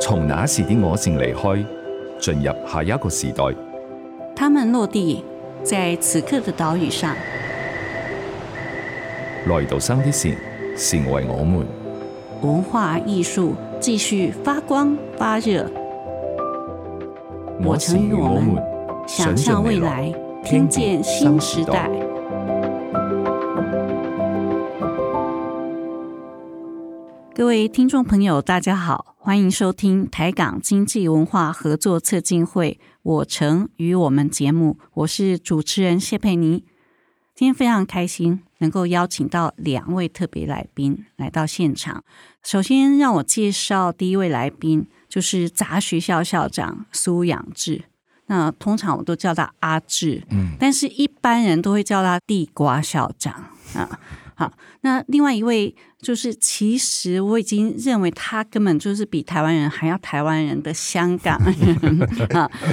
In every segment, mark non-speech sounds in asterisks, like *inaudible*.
從那時的我正離開，進入下一個時代。他們落地在此刻的島嶼上，來到生的線，成為我們。文化藝術繼續發光發熱。我城與我們，想象未來，聽見新時代。各位聽眾朋友，大家好，歡迎收聽台港經濟文化合作促進會我城與我們節目，我是主持人謝佩霓。今天非常開心能夠邀請到兩位特別來賓來到現場。首先讓我介紹第一位來賓，就是雜學校校長蘇仰志，那通常我都叫他阿志，嗯，但是一般人都會叫他地瓜校長啊。好，那另外一位就是，其實我已經認為他根本就是比台灣人還要台灣人的香港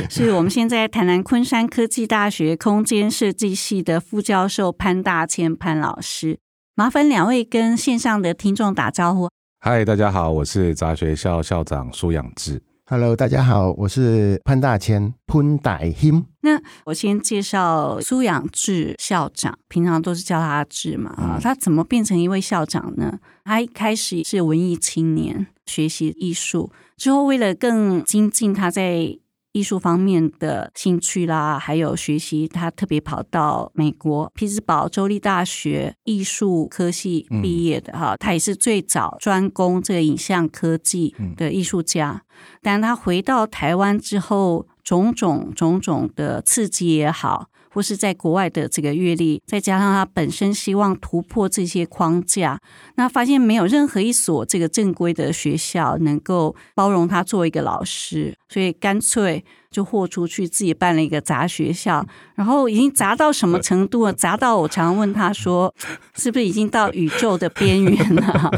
所 *laughs* 是我們現在台南昆山科技大學空間設計系的副教授潘大謙潘老師，麻煩兩位跟線上的聽眾打招呼。嗨，大家好，我是雜學校校長蘇仰志。Hello，大家好，我是潘大謙潘大謙。那我先介紹蘇仰志校長，平常都是叫他志嘛啊。嗯、他怎麼變成一位校長呢？他一開始是文藝青年，學習藝術，之後為了更精進，他在藝術方面的興趣啦，還有學習，他特別跑到美國，匹茲堡州立大學藝術科系畢業的哈，他也是最早專攻這個影像科技的藝術家。但他回到台灣之後，種種種種的刺激也好。或是在國外的這個閱歷，再加上他本身希望突破這些框架，那發現沒有任何一所這個正規的學校能夠包容他做一個老師，所以乾脆就豁出去，自己辦了一個雜學校。然後已經雜到什麼程度了？雜到我常常問他說，是不是已經到宇宙的邊緣了？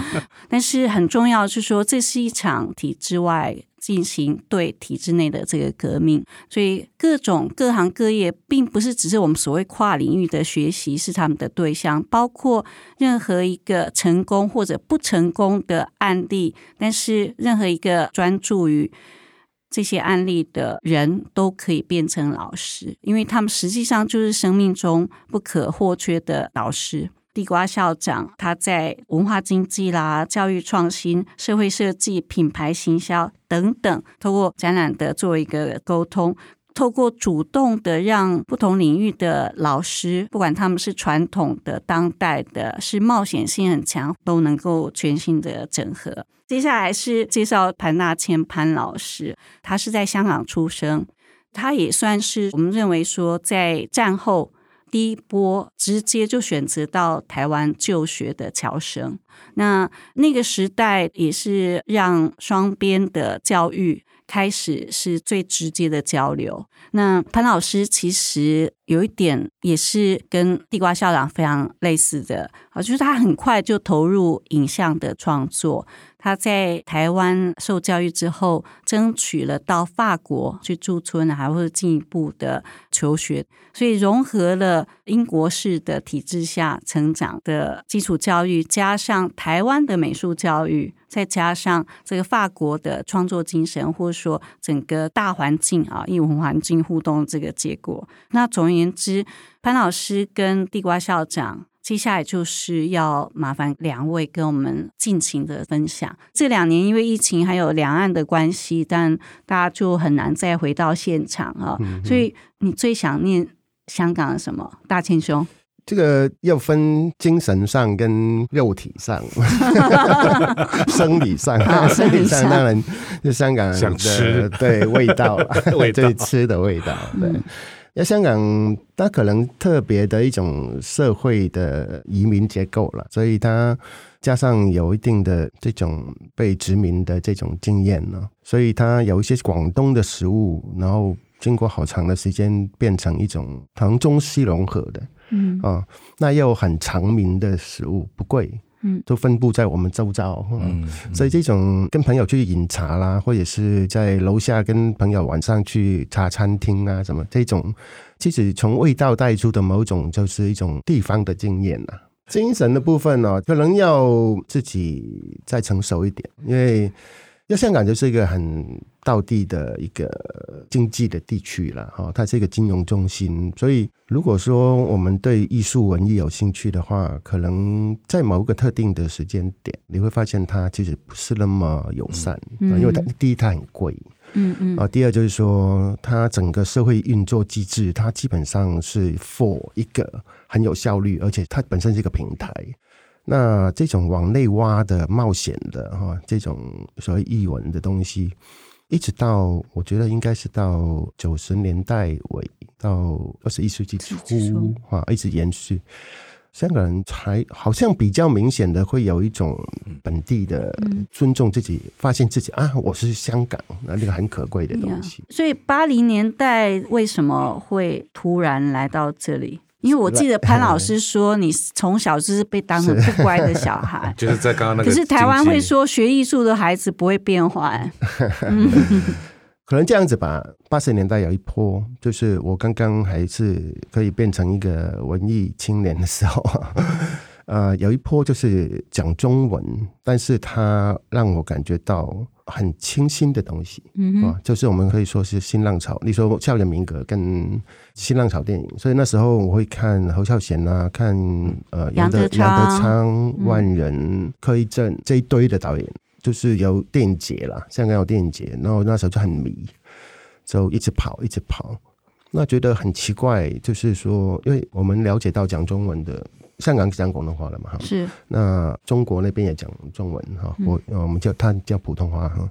但是很重要是說，這是一場體制外，進行對體制內的這個革命，所以各種各行各業，並不是只是我們所謂跨領域的學習是他們的對象，包括任何一個成功或者不成功的案例，但是任何一個專注於這些案例的人都可以變成老師，因為他們實際上就是生命中不可或缺的導師。地瓜校長，他在文化經濟啦、教育創新、社會設計、品牌行銷等等，透過展覽的做一個溝通，透過主動的讓不同領域的老師，不管他們是傳統的、當代的、是冒險性很強，都能夠全新的整合。接下來是介紹潘大謙潘老師，他是在香港出生，他也算是我們認為說在戰後。第一波直接就選擇到台灣就學的僑生，那那個時代也是讓雙邊的教育開始是最直接的交流。那潘老師其實有一點也是跟地瓜校長非常類似的，啊，就是他很快就投入影像的創作。他在台灣受教育之後，爭取了到法國去駐村，還會進一步的求學，所以融合了英國式的體制下成長的基礎教育，加上台灣的美術教育，再加上這個法國的創作精神，或者說整個大環境啊，英文環境互動這個結果。那總而言之，潘老師跟地瓜校長。接下來就是要麻煩兩位跟我們盡情的分享。這兩年因為疫情還有兩岸的關係，但大家就很難再回到現場啊。嗯、哼所以你最想念香港的什麼？大謙兄，這個要分精神上跟肉體上，生理上，生理 *laughs* 上當然就香港人想吃對味道，我 *laughs* 道 *laughs* 最吃的味道，對。嗯那香港，它可能特別的一種社會的移民結構了，所以它加上有一定的這種被殖民的這種經驗了，所以它有一些廣東的食物，然後經過好長的時間變成一種唐中西融合的，嗯啊、哦，那又很常民的食物，不貴。嗯，都分佈在我們周遭，嗯、所以這種跟朋友去飲茶啦，嗯、或者是在樓下跟朋友晚上去茶餐廳啊，什麼這種，其實從味道帶出的某種就是一種地方的經驗啊。精神的部分呢、哦，可能要自己再成熟一點，因為。要香港就是一個很道地的一個經濟的地區了哈，它是一個金融中心，所以如果說我們對藝術文藝有興趣的話，可能在某一個特定的時間點，你會發現它其實不是那麼友善，嗯、因為它第一它很貴，嗯嗯，啊，第二就是說它整個社會運作機制，它基本上是 for 一個很有效率，而且它本身是一個平台。那這種往內挖的、冒險的哈，這種所謂藝文的東西，一直到我覺得應該是到九十年代尾，到二十一世紀初啊，直一直延續。香港人才好像比較明顯的會有一種本地的尊重自己、嗯、發現自己啊，我是香港那個很可貴的東西。嗯、所以八零年代為什麼會突然來到這裡？因為我記得潘老師說，你從小就是被當成不乖的小孩。是 *laughs* 就是在剛剛那個。可是台灣會說學藝術的孩子不會變壞。 *laughs* *laughs* 可能這樣子吧，八十年代有一波，就是我剛剛還是可以變成一個文藝青年的時候。 *laughs* 呃，有一波就是講中文，但是它讓我感覺到很清新的東西，嗯哼、啊，就是我們可以說是新浪潮。你說校園民歌跟新浪潮電影，所以那時候我會看侯孝賢啊，看呃楊德楊德昌、萬人、柯一正這一堆的導演，就是有電影節了，香港有電影節，然後那時候就很迷，就一直跑，一直跑，那覺得很奇怪，就是說，因為我們了解到講中文的。香港講廣東話了嘛？哈，是。那中國那邊也講中文哈、嗯，我我們叫他叫普通話哈。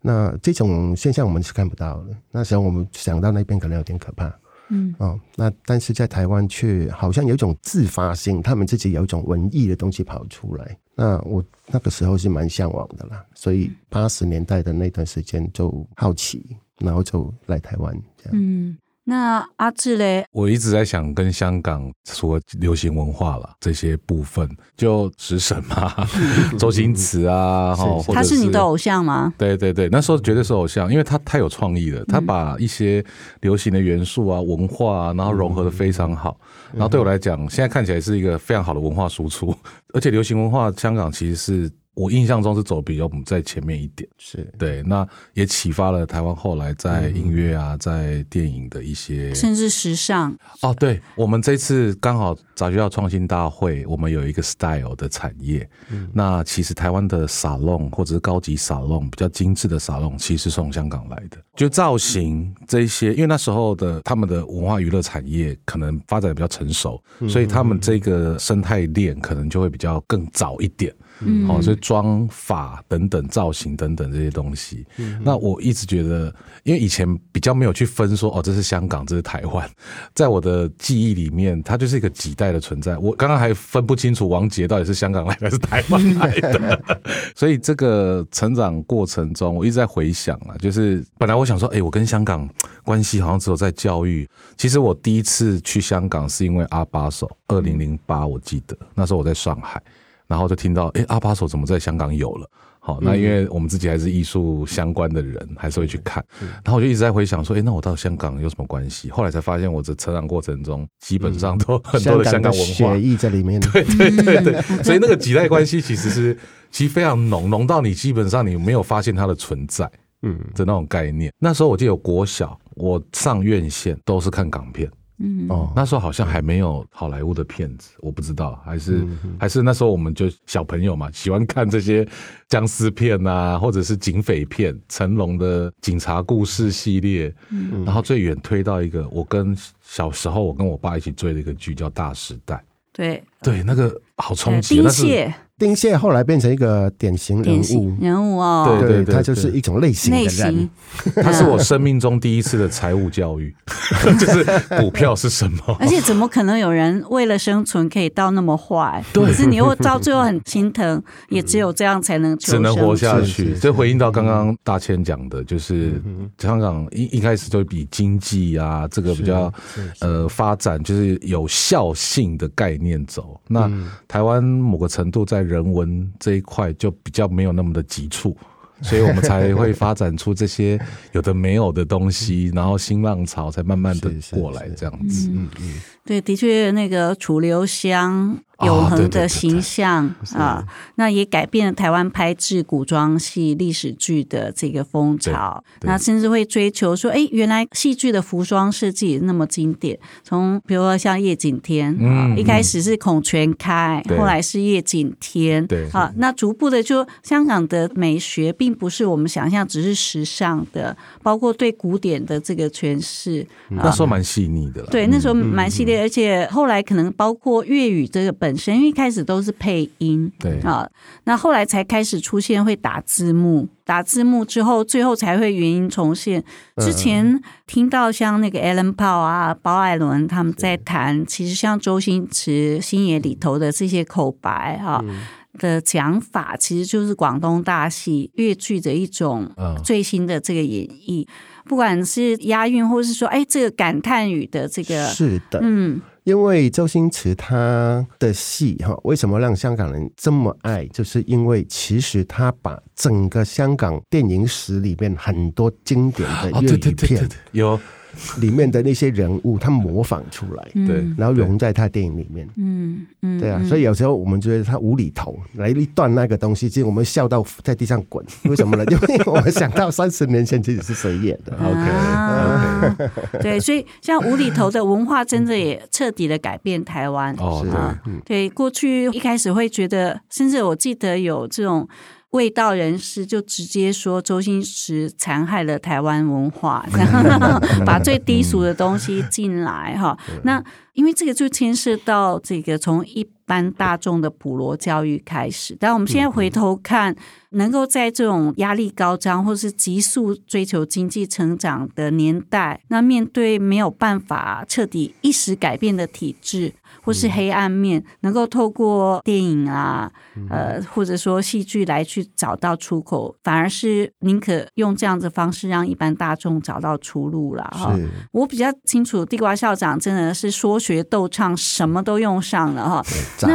那這種現象我們是看不到的。那時候我們想到那邊可能有點可怕，嗯啊、哦。那但是在台灣卻好像有一種自發性，他們自己有一種文藝的東西跑出來。那我那個時候是蠻嚮往的啦，所以八十年代的那段時間就好奇，然後就來台灣這樣，嗯。那阿志嘞，我一直在想跟香港說流行文化啦這些部分，就直審嘛、啊， *laughs* 周星馳啊， *laughs* 是他是你的偶像嗎？對對對，那時候絕對是偶像，因為他太有創意了，他把一些流行的元素啊、文化啊，然後融合的非常好。嗯嗯嗯，然後對我來講，現在看起來是一個非常好的文化輸出，而且流行文化香港其實是。我印象中是走比較我們在前面一點，是對，那也啟發了台灣後來在音樂啊，在電影的一些，甚至時尚。哦，對，我們這次剛好雜學校創新大會，我們有一個 style 的產業。嗯、那其實台灣的沙龍或者是高級沙龍，比較精致的沙龍，其實是從香港來的，就造型這一些，因為那時候的他們的文化娛樂產業可能發展比較成熟，所以他們這個生態鏈可能就會比較更早一點。好，嗯嗯，所以妝髮等等、造型等等這些東西，那我一直覺得，因為以前比較沒有去分說，哦，這是香港，這是台灣，在我的記憶裡面，它就是一個幾代的存在。我剛剛還分不清楚王杰到底是香港來的還是台灣來的， *laughs* 所以這個成長過程中，我一直在回想啊，就是本來我想說，哎、欸，我跟香港關係好像只有在教育，其實我第一次去香港是因為阿巴手，二零零八，我記得那時候我在上海。然後就聽到，哎，阿巴索怎麼在香港有了？好、嗯，那因為我們自己還是藝術相關的人，還是會去看。嗯、然後我就一直在回想說，哎，那我到香港有什麼關係？後來才發現，我的成長過程中基本上都很多的香港文化、嗯、港的血液在裡面。對對對對， *laughs* 所以那個幾代關係其實是其實非常濃，濃到你基本上你沒有發現它的存在。嗯，的那種概念。那時候我記得我國小，我上院線都是看港片。嗯哦，那時候好像還沒有好萊塢的片子，我不知道，還是、嗯、哼還是那時候我們就小朋友嘛，喜歡看這些僵屍片啊，或者是警匪片，成龍的《警察故事》系列，嗯、哼然後最遠推到一個，我跟小時候我跟我爸一起追的一個劇叫《大時代》，對對那個。好衝擊！丁蟹，丁蟹後來變成一個典型人物，人物哦，對對對，他就是一種類型的人。他是我生命中第一次的財務教育，就是股票是什麼？而且怎麼可能有人為了生存可以到那麼壞？可是你又到最後很心疼，也只有這樣才能只能活下去。這回應到剛剛大謙講的，就是香港一一開始就比經濟啊，這個比較呃發展，就是有效性的概念走那。台灣某個程度在人文這一塊就比較沒有那麼的急促，所以我們才會發展出這些有的沒有的東西，然後新浪潮才慢慢的過來這樣子。嗯嗯，嗯對，的確那個楚留香。永恆、哦、的形象對對對對啊，那也改變了台灣拍製古裝戲、歷史劇的這個風潮。對對對對，那甚至會追求說，哎、欸，原來戲劇的服裝設計也那麼經典。從比如說像葉錦添，嗯嗯一開始是孔泉開，對 後來是葉錦添，對，對，對啊，那逐步的就香港的美學並不是我們想象只是時尚的，包括對古典的這個詮釋。嗯啊、那時候蠻細膩的，對，那時候蠻細膩，嗯嗯嗯而且後來可能包括粵語這個本，本身因為一開始都是配音，對啊、哦，那後來才開始出現會打字幕，打字幕之後，最後才會原音重現。之前聽到像那個 Alan Powell 啊、包、嗯、艾倫他們在談，Okay. 其實像周星馳、星爺裡頭的這些口白哈的講法，嗯、其實就是廣東大戲粵劇的一種最新的這個演繹，嗯、不管是押韻，或是說哎這個感嘆語的這個，是的，嗯。因為周星馳他的戲哈，為什麼讓香港人這麼愛？就是因為其實他把整個香港電影史裡面很多經典的粵語片，哦，對對對，有。裡面的那些人物，他模仿出來，對、嗯，然後融在他電影裡面，嗯嗯，對啊，嗯、所以有時候我們覺得他無厘頭來一段那個東西，其實我們笑到在地上滾，為什麼呢？ *laughs* 因為我們想到三十年前自己是誰演的、啊啊、，OK，對，所以像無厘頭的文化，真的也徹底的改變台灣，哦，是、啊、對，過去一開始會覺得，甚至我記得有這種。衛道人士就直接說周星馳殘害了台灣文化，然後把最低俗的東西進來哈。 *laughs* 那因為這個就牽涉到這個從一般大眾的普羅教育開始，但我們現在回頭看，能夠在這種壓力高漲或是急速追求經濟成長的年代，那面對沒有辦法徹底一時改變的體制。或是黑暗面，能夠透過電影啊，呃，或者說戲劇來去找到出口，反而是寧可用這樣子的方式讓一般大眾找到出路了哈。是我比較清楚，地瓜校長真的是說學逗唱什麼都用上了哈。砸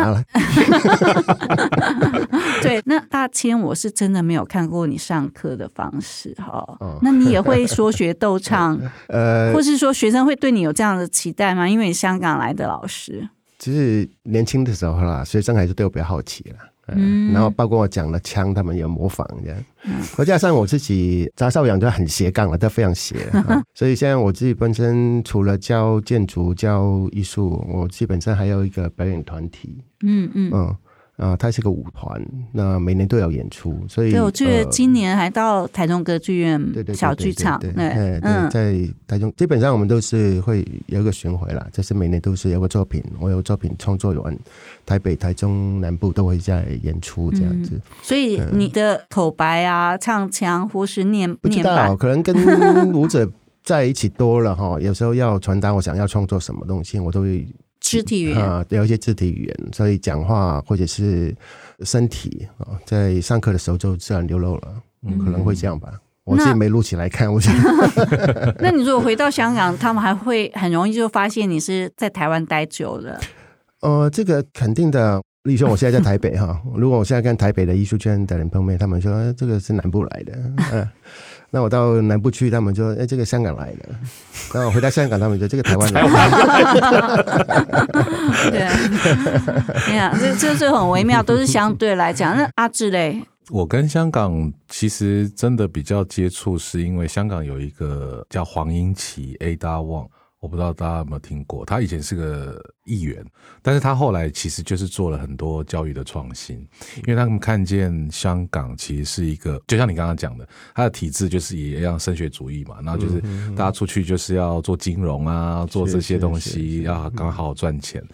對，那大謙我是真的沒有看過你上課的方式哈。哦、那你也會說學逗唱？ *laughs* 嗯呃、或是說學生會對你有這樣的期待嗎？因為你香港來的老師。其實年輕的時候啦，學生還是對我比較好奇了，嗯，然後包括我講的腔，他們也模仿這樣，再、嗯、加上我自己扎少養就很斜槓了，他非常斜、 *laughs* 啊，所以現在我自己本身除了教建築、教藝術，我基本上還有一個表演團體，嗯嗯。嗯啊、呃，它是個舞團，那每年都有演出，所以對，我覺得今年還到台中歌劇院小劇場，呃、對，對，對，對，對，對在台中，基本上我們都是會有一個巡迴了，就是每年都是有個作品，我有作品創作完，台北、台中南部都會在演出這樣子、嗯。所以你的口白啊、嗯、唱腔或是念，念不知道、啊，可能跟舞者在一起多了哈、 *laughs* 哦，有時候要傳達我想要創作什麼東西，我都會。肢體語言啊，有、嗯、一些肢體語言，所以講話或者是身體啊，在上課的時候就自然流露了，嗯、可能會這樣吧。我自己沒錄起來看，我想。那你如果回到香港，他們還會很容易就發現你是在台灣待久了。呃，這個肯定的。例如說我現在在台北哈， *laughs* 如果我現在跟台北的藝術圈的人碰面，他們說這個是南部來的。嗯 *laughs* 那我到南部去，他們就說：“哎、欸，這個香港來的。”那 *laughs* 我回到香港，他們說：“這個台灣來的。”對，你看，這很微妙，都是相對來講。那阿志嘞， *laughs* 我跟香港其實真的比較接觸，是因為香港有一個叫黃英琦 （A. d a 我不知道大家有沒有聽過，他以前是個議員，但是他後來其實就是做了很多教育的創新，因為他們看見香港其實是一個，就像你剛剛講的，他的體制就是也一樣升學主義嘛，然後就是大家出去就是要做金融啊，嗯嗯做這些東西啊，要剛好賺錢。嗯、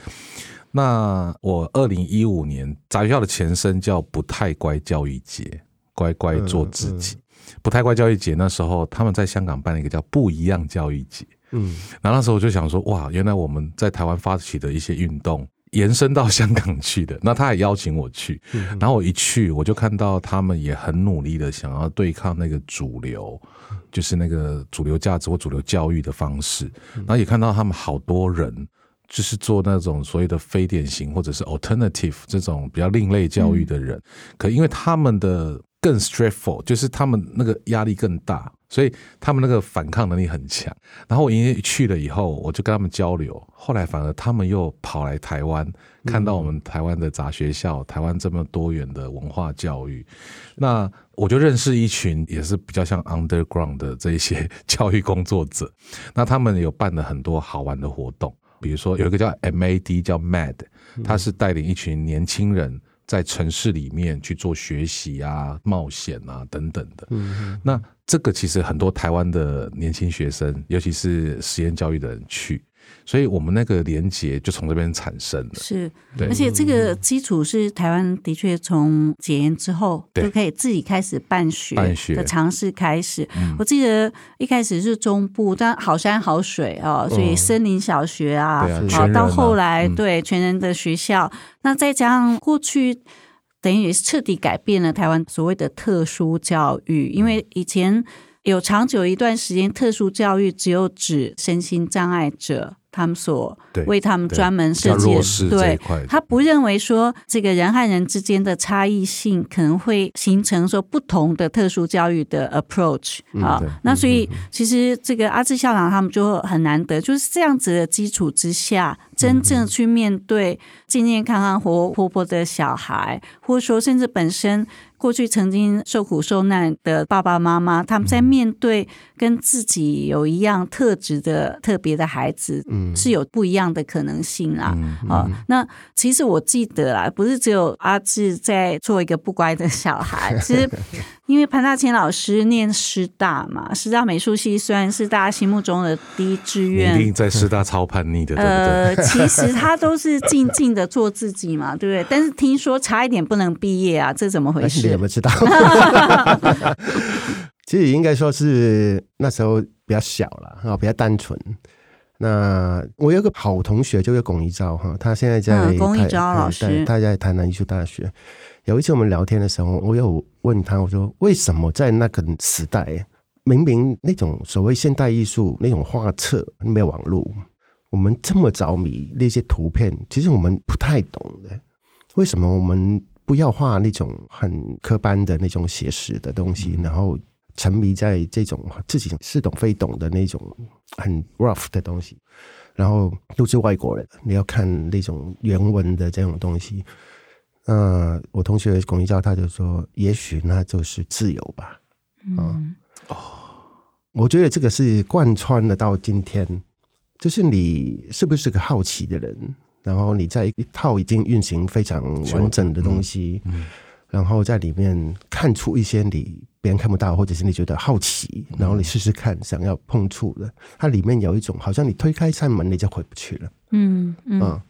那我二零一五年，雜學校的前身叫不太乖教育節，乖乖做自己，嗯嗯不太乖教育節那時候他們在香港辦了一個叫不一樣教育節。嗯，然後那時候我就想說，哇，原來我們在台灣發起的一些運動，延伸到香港去的。那他也邀請我去，然後我一去，我就看到他們也很努力的想要對抗那個主流，就是那個主流價值或主流教育的方式。嗯，然後也看到他們好多人，就是做那種所謂的非典型或者是 alternative 這種比較另類教育的人，嗯，可因為他們的。更 stressful，就是他們那個壓力更大，所以他們那個反抗能力很強。然後我一去了以後，我就跟他們交流，後來反而他們又跑來台灣，嗯、看到我們台灣的雜學校，台灣這麼多元的文化教育。是那我就認識一群也是比較像 underground 的這一些教育工作者。那他們有辦了很多好玩的活動，比如說有一個叫 MAD，叫 MAD，他是帶領一群年輕人，在城市裡面去做學習啊、冒險啊等等的。嗯哼，那這個其實很多台灣的年輕學生，尤其是實驗教育的人去。所以我們那個連結就從這邊產生了，是，對，而且這個基礎是台灣的確從解嚴之後就可以自己開始辦學、辦學的嘗試開始。對我記得一開始是中部，但好山好水哦、喔，所以森林小學啊，嗯、啊後到後來全、啊、對全人的學校，那再加上過去等於是徹底改變了台灣所謂的特殊教育，因為以前有長久一段時間特殊教育只有指身心障礙者。他們所為他們專門設計的，對、對，他不認為說，這個人和人之間的差異性可能會形成說不同的特殊教育的 approach 啊、嗯，那所以其實這個阿志校長他們就很難得，就是這樣子的基礎之下。真正去面對健健康康活活潑的小孩，或者說甚至本身過去曾經受苦受難的爸爸媽媽，他們在面對跟自己有一樣特質的特別的孩子，嗯、是有不一樣的可能性啦。啊、嗯嗯哦，那其實我記得啦，不是只有阿志在做一個不乖的小孩，其實。 *laughs* 因為潘大謙老師念師大嘛，師大美術系雖然是大家心目中的第一志願，一定在師大超叛逆的，對不對、 *laughs* 呃？其實他都是靜靜的做自己嘛，對不對？但是聽說差一點不能畢業啊，這怎麼回事？也不、哎、知道。 *laughs* *laughs* *laughs* 其實應該說是那時候比較小了啊，比較單純。那我有個好同學，就是龔義昭哈，他現在在龔、嗯、義昭老師他，他在台南藝術大學。有一次我們聊天的時候，我有問他，我說為什麼在那個時代，明明那種所謂現代藝術那種畫冊，沒有網絡，我們這麼着迷那些圖片，其實我們不太懂的，為什麼我們不要畫那種很科班的那種寫實的東西，嗯、然後，沉迷在這種自己似懂非懂的那種很 rough 的東西，然後都是外國人，你要看那種原文的這種東西。那、呃、我同學鞏一昭他就說：“也許那就是自由吧。嗯”嗯哦，oh, 我覺得這個是貫穿了到今天，就是你是不是個好奇的人，然後你在一套已經運行非常完整的東西。然後在裡面看出一些你別人看不到，或者是你覺得好奇，然後你試試看，想要碰觸的，它裡面有一種好像你推開一扇門你就回不去了，嗯嗯，嗯，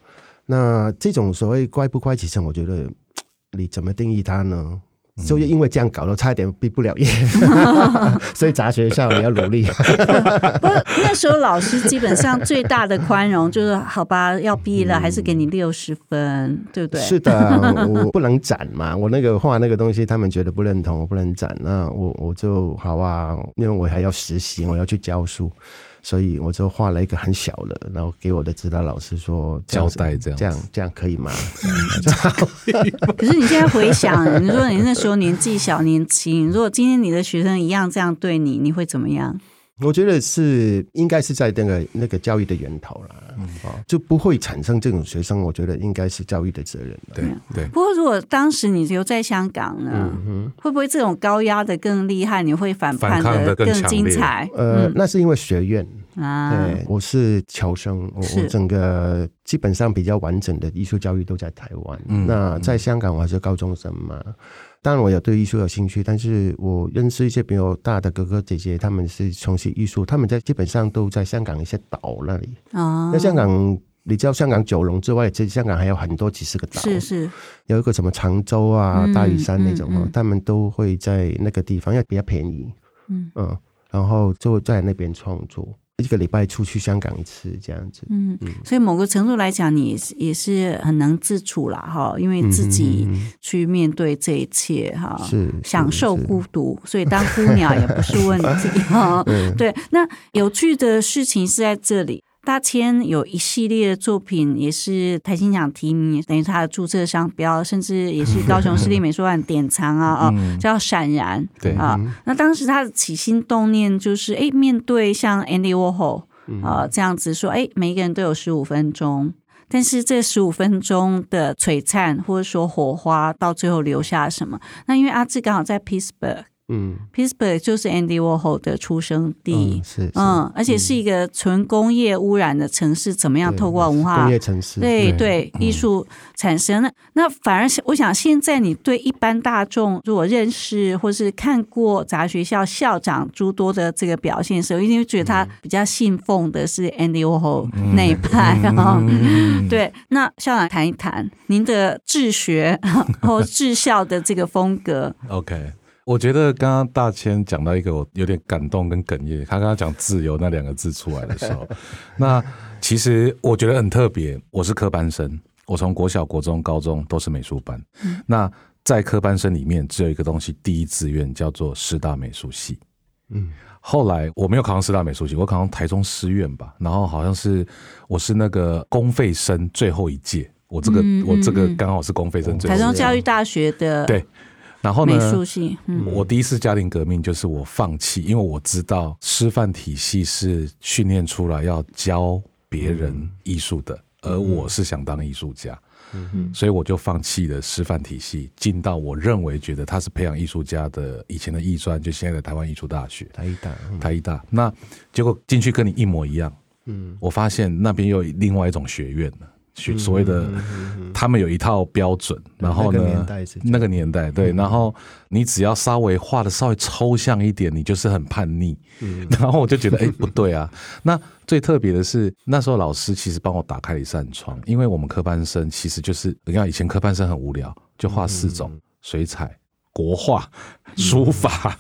那這種所謂乖不乖其，其實我覺得你怎麼定義它呢？就因為這樣搞了，差一點畢不了業，嗯、 *laughs* 所以雜學校你要努力。不是，那時候老師基本上最大的寬容就是好吧，要畢業了還是給你六十分，嗯、對不對？是的，我不能展嘛，我那個畫那個東西他們覺得不認同，我不能展。那我我就好啊，因為我還要實習，我要去教書。所以我就畫了一個很小的，然後給我的指導老師說交代這樣這樣這樣可以嗎？可是你現在回想，你說你那時候年紀小年輕，如果今天你的學生一樣這樣對你，你會怎麼樣？我覺得是應該是在那個那個教育的源頭了，嗯、就不會產生這種學生。我覺得應該是教育的責任，對。對對。不過，如果當時你留在香港呢，嗯、哼會不會這種高壓的更厲害？你會反叛的更精彩？呃，那是因為學院、嗯、對啊，我是僑生，我，是我整個基本上比較完整的藝術教育都在台灣。嗯、哼那在香港，我還是高中生嘛。當然，我有對藝術有興趣，但是我認識一些比我大的哥哥姐姐，他們是從事藝術，他們在基本上都在香港一些島那裡。啊、哦，那香港你知道香港九龍之外，其實香港還有很多幾十個島，是是，有一個什麼長洲啊、嗯、大嶼山那種，他、嗯嗯嗯、們都會在那個地方，因為比較便宜。嗯、嗯，然後就在那邊創作。一個禮拜出去香港一次這樣子，嗯，所以某個程度來講，你也是很能自處了哈，因為自己去面對這一切哈，是、嗯、享受孤獨，所以當孤鳥也不是問題哈。 *laughs* 對，那有趣的事情是在這裡。大千有一系列的作品也是台新獎提名，等於他的註冊商標，甚至也是高雄市立美術館典藏啊啊， *laughs* 哦、叫閃然。對、嗯、啊，對嗯、那當時他的起心動念就是，哎、欸，面對像 Andy Warhol 啊、呃、這樣子說，哎、欸，每一個人都有十五分鐘，但是這十五分鐘的璀璨或者說火花，到最後留下什麼？那因為阿志剛好在 Peaceburg 嗯，Pittsburgh 就是 Andy Warhol 的出生地，嗯是，是嗯，而且是一個純工業污染的城市。怎麼樣透過文化工業城市，對對，對嗯、藝術產生了？那，那反而我想，現在你對一般大眾如果認識或是看過雜學校校長諸多的這個表現的時候，一定會覺得他比較信奉的是 Andy Warhol 那一派、哦嗯嗯、 *laughs* 對，那校長談一談您的治學和治校的這個風格。 *laughs* OK。我覺得剛剛大謙講到一個我有點感動跟哽咽，他剛剛講“自由”那兩個字出來的時候， *laughs* 那其實我覺得很特別。我是科班生，我從國小、國中、高中都是美術班。嗯、那在科班生裡面，只有一個東西，第一志願叫做師大美術系。嗯、後來我沒有考上師大美術系，我考上台中師院吧。然後好像是我是那個公費生最後一屆，我這個嗯嗯嗯我這個剛好是公費生最後一屆。台中教育大學的對。然後呢，嗯、我第一次家庭革命就是我放棄，因為我知道師範體系是訓練出來要教別人藝術的，嗯、而我是想當藝術家，嗯、所以我就放棄了師範體系，進到我認為覺得他是培養藝術家的以前的藝專，就現在的台灣藝術大學，台藝大，嗯、台藝大。那結果進去跟你一模一樣，我發現那邊又有另外一種學院呢。所謂的，他們有一套標準，然後呢，那個年代，對，然後你只要稍微畫的稍微抽象一點，你就是很叛逆。然後我就覺得，哎，不對啊。那最特別的是，那時候老師其實幫我打開了一扇窗，因為我們科班生其實就是，你看以前科班生很無聊，就畫四種水彩、國畫、書法、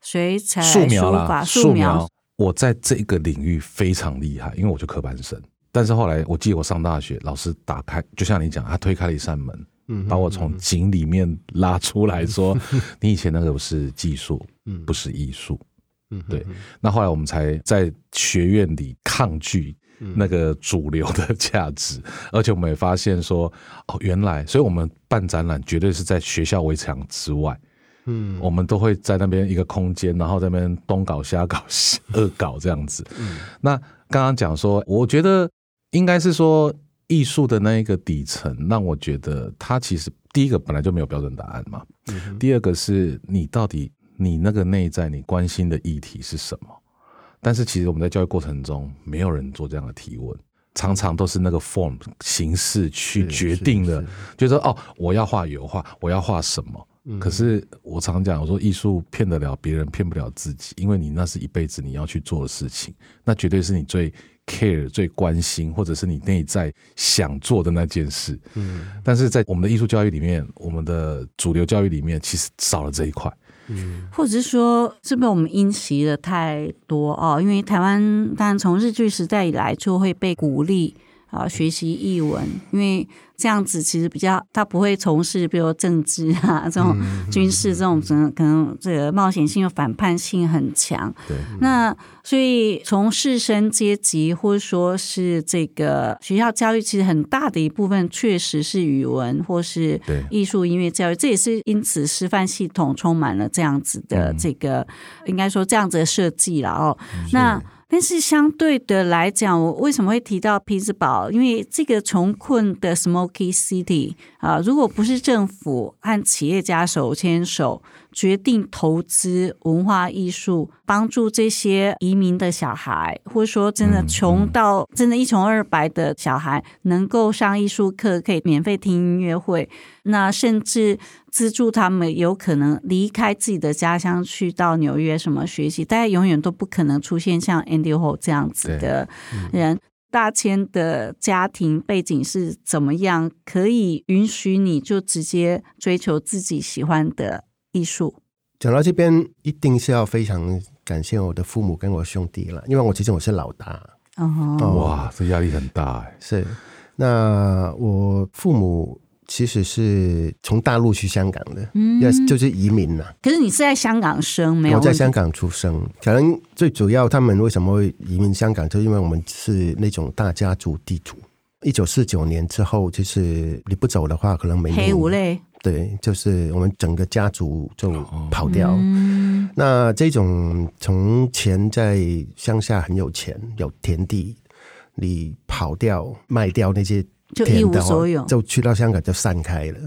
水彩、素描啦，素描。我在這個領域非常厲害，因為我就科班生。但是後來，我記得我上大學，老師打開，就像你講，他推開了一扇門，嗯哼嗯哼，把我從井裡面拉出來說，說 *laughs* 你以前那個不是技術，嗯，不是藝術，嗯，對。嗯嗯，那後來我們才在學院裡抗拒那個主流的價值，嗯、而且我們也發現說，哦，原來，所以我們辦展覽絕對是在學校圍牆之外，嗯，我們都會在那邊一個空間，然後在那邊東搞西搞西惡搞這樣子。嗯、那剛剛講說，我覺得。應該是說藝術的那一個底層，讓我覺得它其實第一個本來就沒有標準答案嘛。第二個是你到底你那個內在你關心的議題是什麼？但是其實我們在教育過程中，沒有人做這樣的提問，常常都是那個 form 形式去決定的，就是說哦，我要畫油畫，我要畫什麼？可是我常講，我說藝術騙得了別人，騙不了自己，因為你那是一輩子你要去做的事情，那絕對是你最。care 最關心，或者是你內在想做的那件事，嗯，但是在我們的藝術教育裡面，我們的主流教育裡面，其實少了這一塊，嗯，或者是說，是不是我們因襲的太多哦。因為台灣，當然從日據時代以來，就會被鼓勵。啊，學習藝文，因為這樣子其實比較，他不會從事比如政治啊、這種軍事，這種可能這個冒險性又反叛性很強。對、嗯。那所以，從士紳階級或者說是這個學校教育，其實很大的一部分確實是語文或是對藝術音樂教育，對這也是因此師範系統充滿了這樣子的這個、嗯、應該說這樣子的設計了哦。嗯、那。但是相對的來講，我為什麼會提到匹茲堡？因為這個窮困的 Smoky City 啊，如果不是政府和企業家手牽手，決定投資文化藝術，幫助這些移民的小孩，或者說真的窮到真的一窮二白的小孩，嗯嗯、能夠上藝術課，可以免費聽音樂會，那甚至資助他們有可能離開自己的家鄉去到紐約什麼學習。大家永遠都不可能出現像 Andy Ho 這樣子的人，嗯、大謙的家庭背景是怎麼樣，可以允許你就直接追求自己喜歡的。藝術講到這邊，一定是要非常感謝我的父母跟我兄弟了，因為我其實我是老大，uh huh. 哦，哇，這壓力很大哎，是。那我父母其實是從大陸去香港的，嗯，要就是移民了。可是你是在香港生，沒有、啊、我在香港出生，可能最主要他們為什麼移民香港，就是、因為我們是那種大家族地主，一九四九年之後，就是你不走的話，可能沒有。黑五類對，就是我們整個家族就跑掉。哦嗯、那這種從前在鄉下很有錢，有田地，你跑掉賣掉那些田、田地，就一無所有，就去到香港就散開了。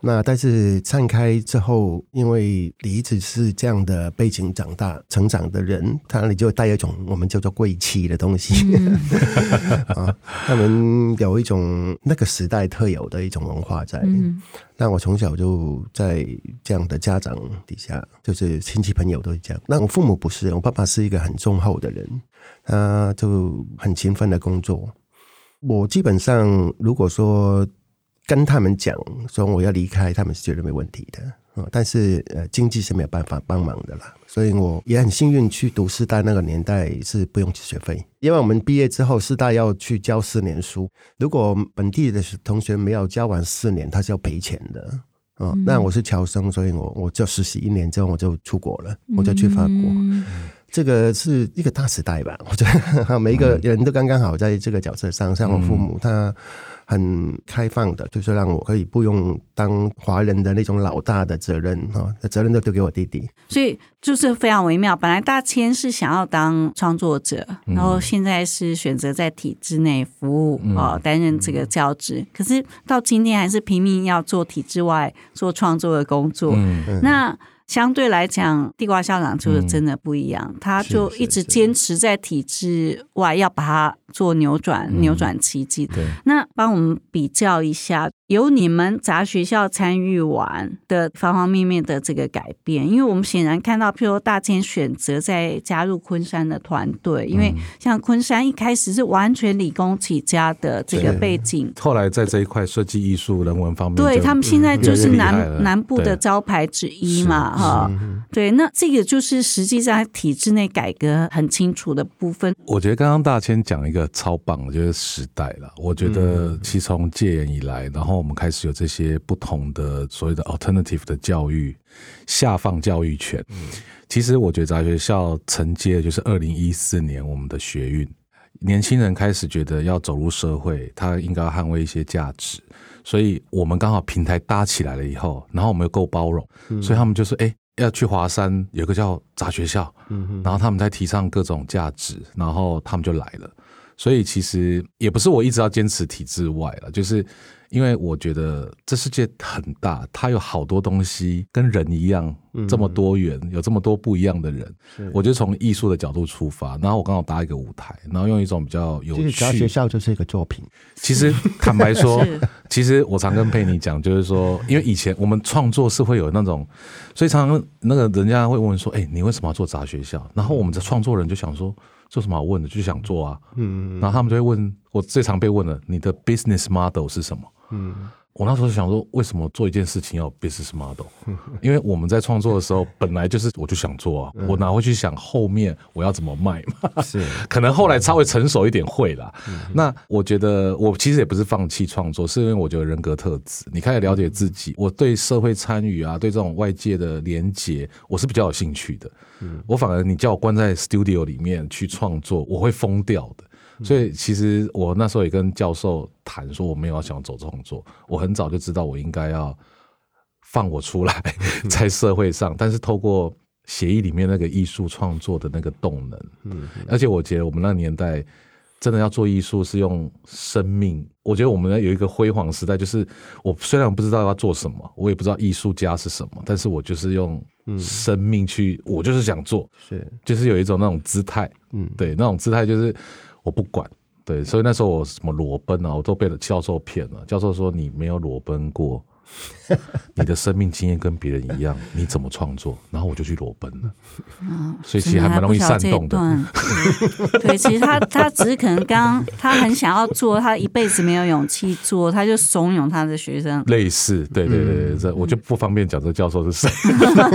那但是散開之後，因為你一直是這樣的背景長大成長的人，他裡就帶一種我們叫做貴氣的東西、嗯、 *laughs* 他們有一種那個時代特有的一種文化在。那、嗯、我從小就在這樣的家長底下，就是親戚朋友都是這樣。那我父母不是，我爸爸是一個很忠厚的人，他就很勤奮的工作。我基本上如果說。跟他們講說我要離開，他們是絕對沒問題的，但是、呃、經濟是沒有辦法幫忙的啦。所以我也很幸運去讀師大，那個年代是不用學費，因為我們畢業之後師大要去教四年書，如果本地的同學沒有教完四年，他是要賠錢的，那、哦嗯、我是僑生，所以我我就實習一年之後我就出國了，我就去法國。嗯、這個是一個大時代吧，我覺得每一個人都剛剛好在這個角色上，嗯、像我父母他。很開放的，就是讓我可以不用當華人的那種老大的責任哈，那責任都丟給我弟弟，所以就是非常微妙。本來大謙是想要當創作者，嗯、然後現在是選擇在體制內服務啊，嗯、擔任這個教職，嗯、可是到今天還是拼命要做體制外做創作的工作。嗯、那。相對來講，地瓜校長就是真的不一樣，嗯、他就一直堅持在體制外，是是是要把它做扭轉、嗯、扭轉奇蹟。對。那幫我們比較一下。由你們在學校參與完的方方面面的這個改變，因為我們顯然看到，譬如大謙選擇在加入昆山的團隊，因為像昆山一開始是完全理工起家的這個背景、嗯，後來在這一塊設計藝術人文方面，對、嗯、他們現在就是南越越南部的招牌之一嘛，哈，對，那這個就是實際上體制內改革很清楚的部分。我覺得剛剛大謙講一個超棒的，就是時代了。我覺得其實從戒嚴以來，然後。我們開始有這些不同的所謂的 alternative 的教育，下放教育權。嗯。其實我覺得雜學校承接的就是二零一四年我們的學運，年輕人開始覺得要走入社會，他應該要捍衛一些價值，所以我們剛好平台搭起來了以後，然後我們又夠包容，嗯。所以他們就說：“哎、欸，要去華山，有個叫雜學校，嗯哼，然後他們在提倡各種價值，然後他們就來了。”所以其實也不是我一直要堅持體制外了，就是因為我覺得這世界很大，它有好多東西跟人一樣這麼多元，有這麼多不一樣的人。嗯、我就從藝術的角度出發，然後我剛好搭一個舞台，然後用一種比較有趣。其實雜學校就是一個作品。其實坦白說， *laughs* 是其實我常跟佩霓講，就是說，因為以前我們創作是會有那種，所以常常那個人家會問說：“哎、欸，你為什麼要做雜學校？”然後我們的創作人就想說。做什麼好問的，就想做啊。嗯，然後他們就會問，我最常被問的，你的 business model 是什麼？嗯。我那時候想說，為什麼做一件事情要 business model？因為我們在創作的時候，本來就是我就想做啊，我哪會去想後面我要怎麼賣嘛？可能後來稍微成熟一點會啦。那我覺得，我其實也不是放棄創作，是因為我覺得人格特質，你開始了解自己，我對社會參與啊，對這種外界的連接，我是比較有興趣的。我反而你叫我關在 studio 裡面去創作，我會瘋掉的。所以其實我那時候也跟教授談說，我沒有想要走這種做。我很早就知道我應該要放我出來 *laughs* 在社會上，但是透過協議裡面那個藝術創作的那個動能，而且我覺得我們那個年代真的要做藝術是用生命。我覺得我們有一個輝煌時代，就是我雖然不知道要做什麼，我也不知道藝術家是什麼，但是我就是用生命去，我就是想做，是，就是有一種那種姿態，對，那種姿態就是。我不管，對，所以那時候我什麼裸奔啊，我都被教授騙了，教授說，你沒有裸奔過。 *laughs* 你的生命經驗跟別人一樣，你怎麼創作？然後我就去裸奔了。嗯、所以其實還蠻容易煽動的。啊、 *laughs* 對，對，其實他他只是可能剛他很想要做，他一輩子沒有勇氣做，他就慫恿他的學生。類似，對對對對，這、嗯、我就不方便講這教授是誰。 *laughs*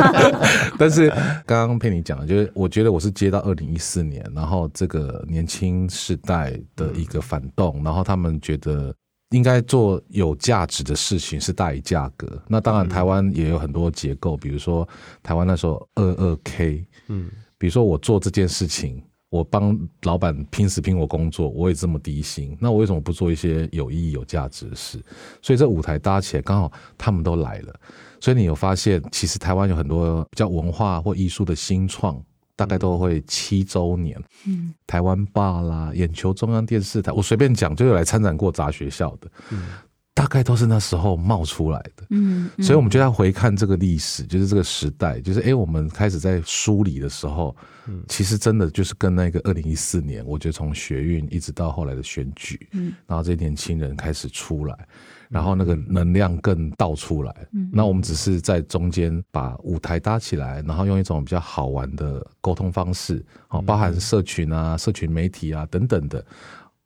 *laughs* *laughs* 但是剛剛佩霓講的就是我覺得我是接到二零一四年，然後這個年輕世代的一個反動，嗯、然後他們覺得。應該做有價值的事情是大於價格。那當然，台灣也有很多結構，比如說台灣那時候二二 K，嗯，比如說我做這件事情，我幫老板拼死拼活工作，我也這麼低薪，那我為什麼不做一些有意義、有價值的事？所以這舞台搭起來，剛好他們都來了。所以你有發現，其實台灣有很多比較文化或藝術的新創。大概都會七周年，嗯、台灣吧啦，眼球中央電視台，我隨便講就有來參展過雜學校的，嗯、大概都是那時候冒出來的，嗯嗯、所以我們就要回看這個歷史，就是這個時代，就是哎、欸，我們開始在梳理的時候，嗯、其實真的就是跟那個二零一四年，我覺得從學運一直到後來的選舉，然後這些年輕人開始出來。然後那個能量更倒出來，嗯、那我們只是在中間把舞台搭起來，然後用一種比較好玩的溝通方式，嗯、包含社群啊、社群媒體啊等等的，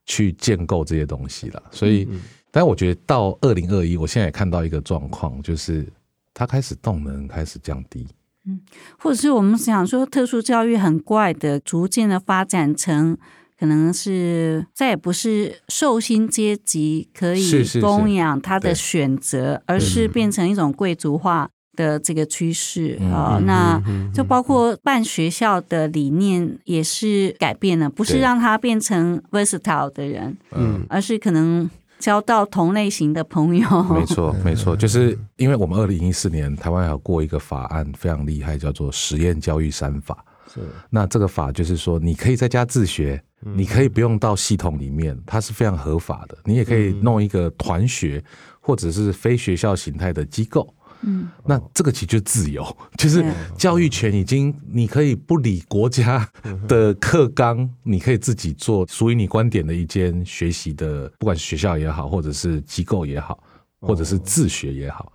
去建構這些東西了。所以，嗯、但我覺得到二零二一，我現在也看到一個狀況，就是它開始動能開始降低，嗯，或者是我們想說特殊教育很怪的，逐漸的發展成。可能是，再也不是受薪階級可以供養他的選擇，是是是，而是變成一種貴族化的這個趨勢啊。那就包括辦學校的理念也是改變了，不是讓他變成 versatile 的人，嗯、而是可能交到同類型的朋友。沒錯，沒錯，就是因為我們二零一四年台灣要有過一個法案，非常厲害，叫做實驗教育三法。是，那這個法就是說，你可以在家自學。你可以不用到系統裡面，它是非常合法的。你也可以弄一個團學或者是非學校形態的機構。嗯，那這個其實就是自由，就是教育權已經你可以不理國家的課綱，你可以自己做屬於你觀點的一間學習的，不管是學校也好，或者是機構也好，或者是自學也好。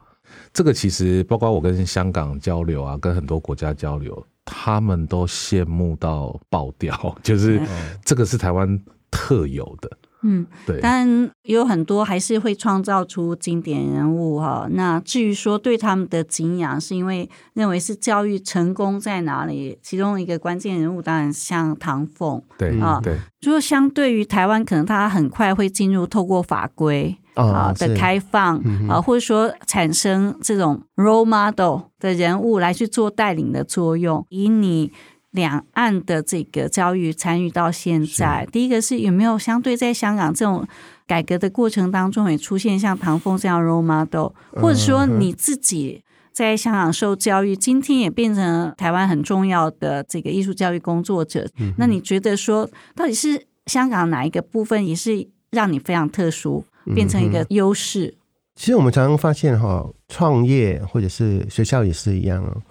這個其實包括我跟香港交流啊，跟很多國家交流。他們都羨慕到爆掉，就是這個是台灣特有的。嗯，對，但有很多還是會創造出經典人物哈。那至於說對他們的敬仰，是因為認為是教育成功在哪裡？其中一個關鍵人物，當然像唐鳳，嗯啊、對，就是相對於台灣，可能他很快會進入透過法規。啊的開放啊，嗯、哼或者說產生這種 role model 的人物來去做帶領的作用。以你兩岸的這個教育參與到現在，是第一個是有沒有相對在香港這種改革的過程當中，也出現像唐鳳這樣 role model，、嗯、哼或者說你自己在香港受教育，今天也變成台灣很重要的這個藝術教育工作者。嗯、哼那你覺得說，到底是香港哪一個部分，也是讓你非常特殊？變成一個優勢，嗯。其實我們常常發現哈，創業或者是學校也是一樣哦。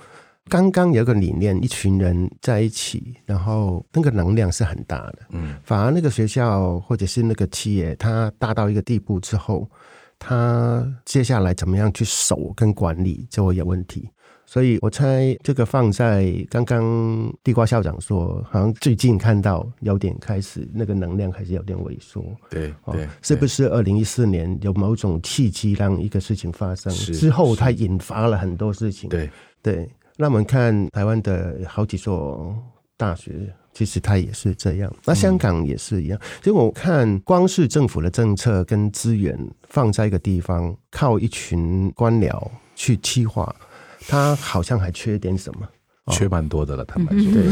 剛剛有個理念，一群人在一起，然後那個能量是很大的。嗯，反而那個學校或者是那個企業，它大到一個地步之後，它接下來怎麼樣去守跟管理就會有問題。所以我猜，這個放在剛剛地瓜校長說，好像最近看到有點開始那個能量還是有點萎縮。對對。哦，是不是二零一四年有某種契機讓一個事情發生之後，它引發了很多事情。對對，那我們看台灣的好幾所大學，其實它也是這樣。那香港也是一樣。嗯、所以我看，光是政府的政策跟資源放在一個地方，靠一群官僚去規劃。他好像還缺點什麼，缺蠻多的了。坦白說，對。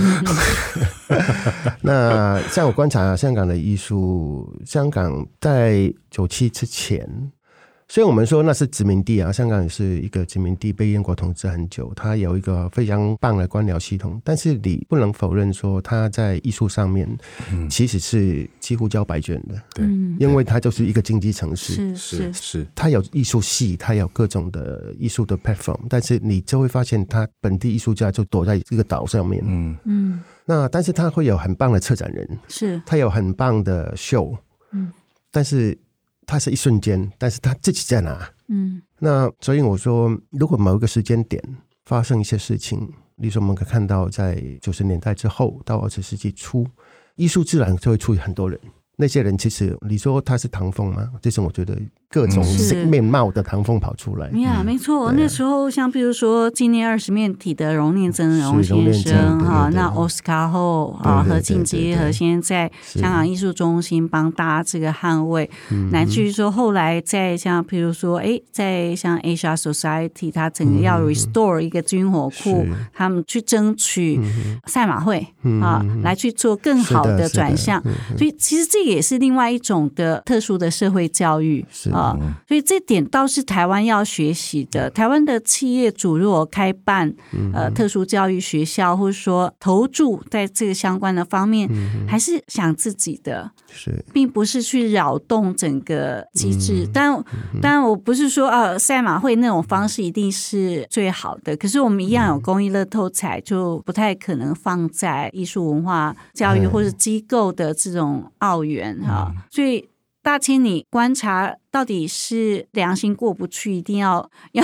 *laughs* *laughs* 那像我觀察香港的藝術，香港在九七之前。所以我們說那是殖民地啊，香港也是一個殖民地，被英國統治很久。它有一個非常棒的官僚系統，但是你不能否認說它在藝術上面，其實是幾乎交白卷的，對、嗯，因為它就是一個經濟城市，嗯、是是是。是它有藝術系，它有各種的藝術的 platform，但是你就會發現它本地藝術家就躲在這個島上面，嗯嗯。那但是它會有很棒的策展人，是它有很棒的 show，嗯，但是。它是一瞬間，但是他自己在哪？嗯，那所以我說，如果某一個時間點發生一些事情，你說我們可以看到，在九十年代之後到二十世紀初，藝術自然就會出於很多人。那些人其實，你說他是唐鳳嗎？這是我覺得。各種面貌的唐風跑出來，呀，沒錯。那時候像比如說，進念二十面體的榮念曾榮先生哈，那奧斯卡後啊，何慶基何先生在香港藝術中心幫大家這個捍衛，乃至於說後來在像比如說，哎、欸，在像 Asia Society，他整個要 restore 一個軍火庫，是他們去爭取賽馬會、嗯、哼啊，來去做更好的轉向。所以其實這也是另外一種的特殊的社會教育。啊，所以這點倒是台灣要學習的。台灣的企業主如果開辦、嗯、哼呃特殊教育學校，或者說投注在這個相關的方面，嗯、哼還是想自己的，是，並不是去擾動整個機制。嗯、哼但，但我不是說啊、呃、賽馬會那種方式一定是最好的，可是我們一樣有公益樂透彩，嗯、哼就不太可能放在藝術、文化、教育或者機構的這種奧援哈、嗯嗯哦，所以。大謙你觀察到底是良心過不去，一定要要，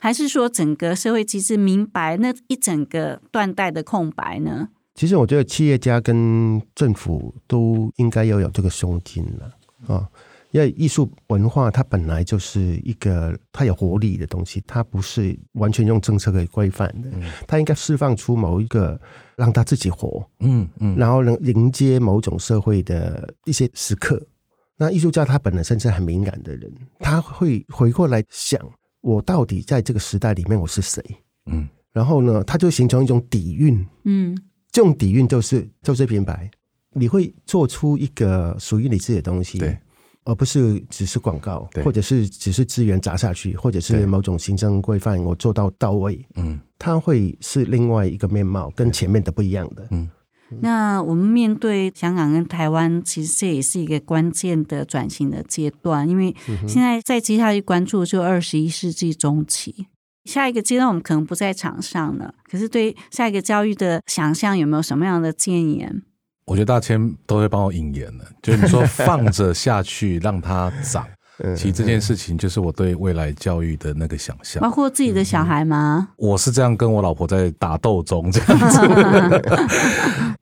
還是說整個社會機制，明白那一整個斷代的空白呢？其實我覺得企業家跟政府都應該要有這個胸襟了啊、哦！因為藝術文化它本來就是一個它有活力的東西，它不是完全用政策給規範的，它應該釋放出某一個讓它自己活，嗯嗯，嗯然後能迎接某種社會的一些時刻。那藝術家他本來甚至很敏感的人，他會回過來想：我到底在這個時代裡面我是誰？嗯，然後呢，他就形成一種底蘊，嗯，這種底蘊就是就是品牌，你會做出一個屬於你自己的東西，對 而不是只是廣告，對 或者是只是資源砸下去，或者是某種行政規範我做到到位，嗯，他會是另外一個面貌，跟前面的不一樣的，對 嗯。那我們面對香港跟台灣，其實這也是一個關鍵的轉型的階段，因為現在再接下去關注就二十一世紀中期下一個階段，我們可能不在場上了。可是對下一個教育的想象，有沒有什麼樣的建言？我覺得大謙都會幫我引言的就是說，放着下去讓它長 *laughs* *laughs* 其實這件事情就是我對未來教育的那個想象，包括自己的小孩嘛。我是這樣跟我老婆在打鬥中這樣子，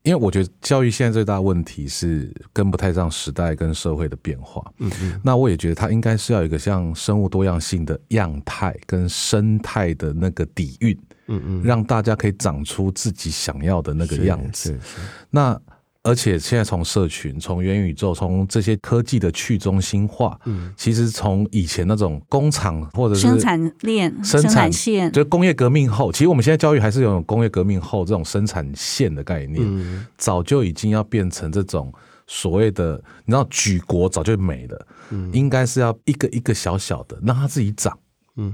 因為我覺得教育現在最大的問題是跟不太上時代跟社會的變化。嗯嗯，那我也覺得它應該是要有一個像生物多樣性的樣態跟生態的那個底蘊。嗯嗯，讓大家可以長出自己想要的那個樣子。那。而且現在從社群、從元宇宙、從這些科技的去中心化，嗯，其實從以前那種工廠或者是生產鏈、生產線，就工業革命後，其實我們現在教育還是有工業革命後這種生產線的概念，嗯，早就已經要變成這種所謂的，你知道，舉國早就沒了，嗯，應該是要一個一個小小的讓它自己長。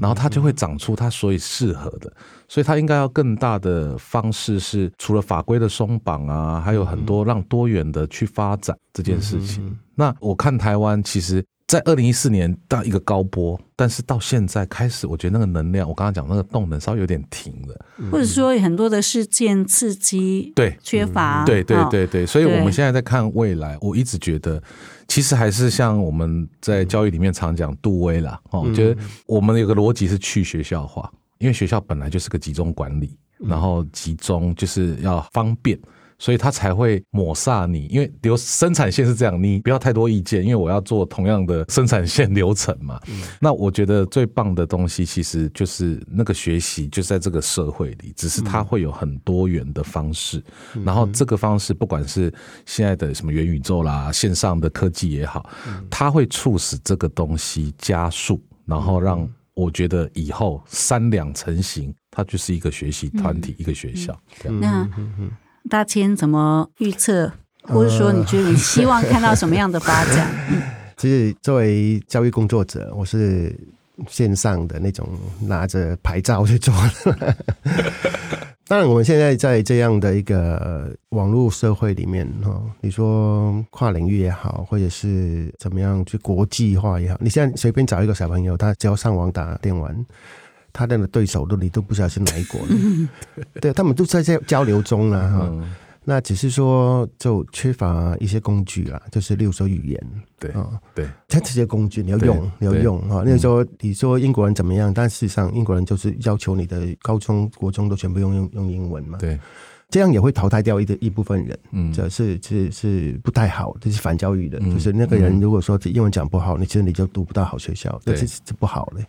然後它就會長出它所以適合的，所以它應該要更大的方式是除了法規的鬆綁啊，還有很多讓多元的去發展這件事情。那我看台灣其實，在二零一四年到一個高波，但是到現在開始，我覺得那個能量，我剛剛講那個動能稍微有點停了，或者說很多的事件刺激，對，缺乏，嗯、對對對對，對，所以我們現在在看未來，我一直覺得。其實還是像我們在教育裡面常講杜威啦，我覺得我們有個邏輯是去學校化，因為學校本來就是個集中管理，然後集中就是要方便。所以它才會抹殺你，因為比如生產線是這樣，你不要太多意見，因為我要做同樣的生產線流程嘛。嗯、那我覺得最棒的東西其實就是那個學習，就是在這個社會裡，只是它會有很多元的方式。嗯、然後這個方式，不管是現在的什麼元宇宙啦、線上的科技也好，它會促使這個東西加速，然後讓我覺得以後三兩成型，它就是一個學習團體，一個學校。這樣。那嗯嗯。大謙怎麼預測，或者說你覺得你希望看到什麼樣的發展？嗯、其實作為教育工作者，我是線上的那種拿着牌照去做的。 *laughs* 當然，我們現在在這樣的一個網絡社會裡面，哈，你說跨領域也好，或者是怎麼樣去國際化也好，你現在隨便找一個小朋友，他只要上網打電玩。他的對手都你都不曉得，是哪一國了， *laughs* 對，他們都在交流中了、啊、哈，嗯、那只是說就缺乏一些工具、啊、就是例如說語言，對啊，對，這些工具你要用，對你要用哈。對那時候你說英國人怎麼樣，但事實上英國人就是要求你的高中、國中都全部用用用英文嘛，對。這樣也會淘汰掉一一部分人，嗯、這是其實是不太好，這是反教育的。嗯、就是那個人如果說英文講不好，嗯、你其實你就讀不到好學校，這這對不好嘞。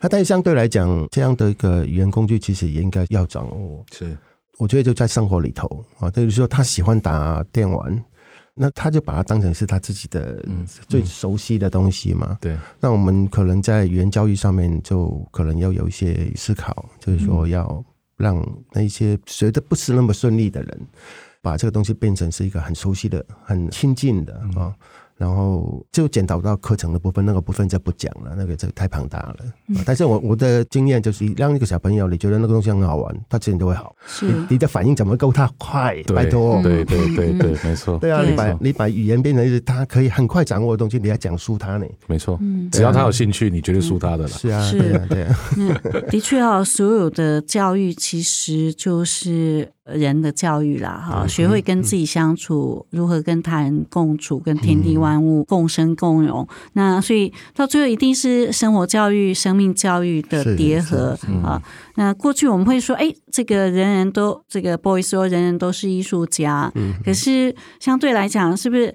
那對但是相對來講，這樣的一個語言工具其實也應該要掌握、哦。是，我覺得就在生活裡頭啊，比如說他喜歡打電玩，那他就把它當成是他自己的最熟悉的東西嘛。對。那我們可能在語言教育上面就可能要有一些思考，就是說要、嗯。讓那一些學的不是那麼順利的人，把這個東西變成是一個很熟悉的、很親近的啊。嗯然後就檢討到課程的部分，那個部分就不講了，那個就太龐大了。但是我我的經驗就是，讓一個小朋友，你覺得那個東西很好玩，他自然就會好。你的反應怎麼夠他快？拜托，對對對對，沒錯。對啊，你把你把語言變成是他可以很快掌握的東西，你還講輸他呢？沒錯，只要他有興趣，你絕對輸他的了。是啊，是啊，對啊。的確啊，所有的教育其實就是。人的教育啦，哈，學會跟自己相處，嗯嗯、如何跟他人共處，跟天地萬物、嗯、共生共榮。那所以到最後，一定是生活教育、生命教育的疊合啊。嗯、那過去我們會說，誒、欸，這個人人都這個波伊斯說，人人都是藝術家。嗯，可是相對來講，是不是？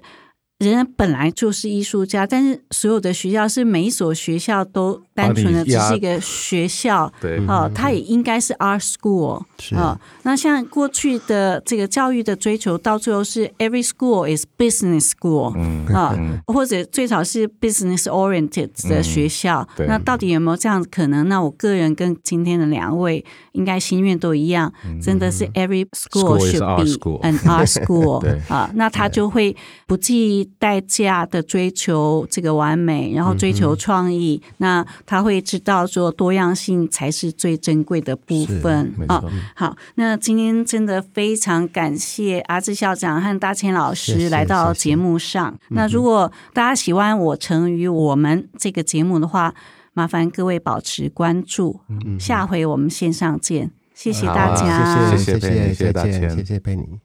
人家本來就是藝術家。但是所有的學校是每一所學校都單純的只是一個學校，啊， *noise* 對嗯、它也應該是 art school 是啊、嗯。那像過去的這個教育的追求，到最後是 every school is business school 啊、嗯，嗯、或者最少是 business oriented 的學校。嗯、那到底有沒有這樣子可能？那我個人跟今天的兩位應該心願都一樣，真的是 every school *noise* should be an art school 啊 *laughs* 對、嗯，那他就會不計代價的追求這個完美，然後追求創意，嗯嗯，那他會知道說多樣性才是最珍貴的部分啊、哦。好，那今天真的非常感謝阿志校長和大謙老師來到節目上。謝謝謝謝，那如果大家喜歡我城與我們這個節目的話，嗯嗯，麻煩各位保持關注，嗯嗯，下回我們線上見。謝謝大家，啊、謝謝謝謝謝謝大謙，謝謝佩霓。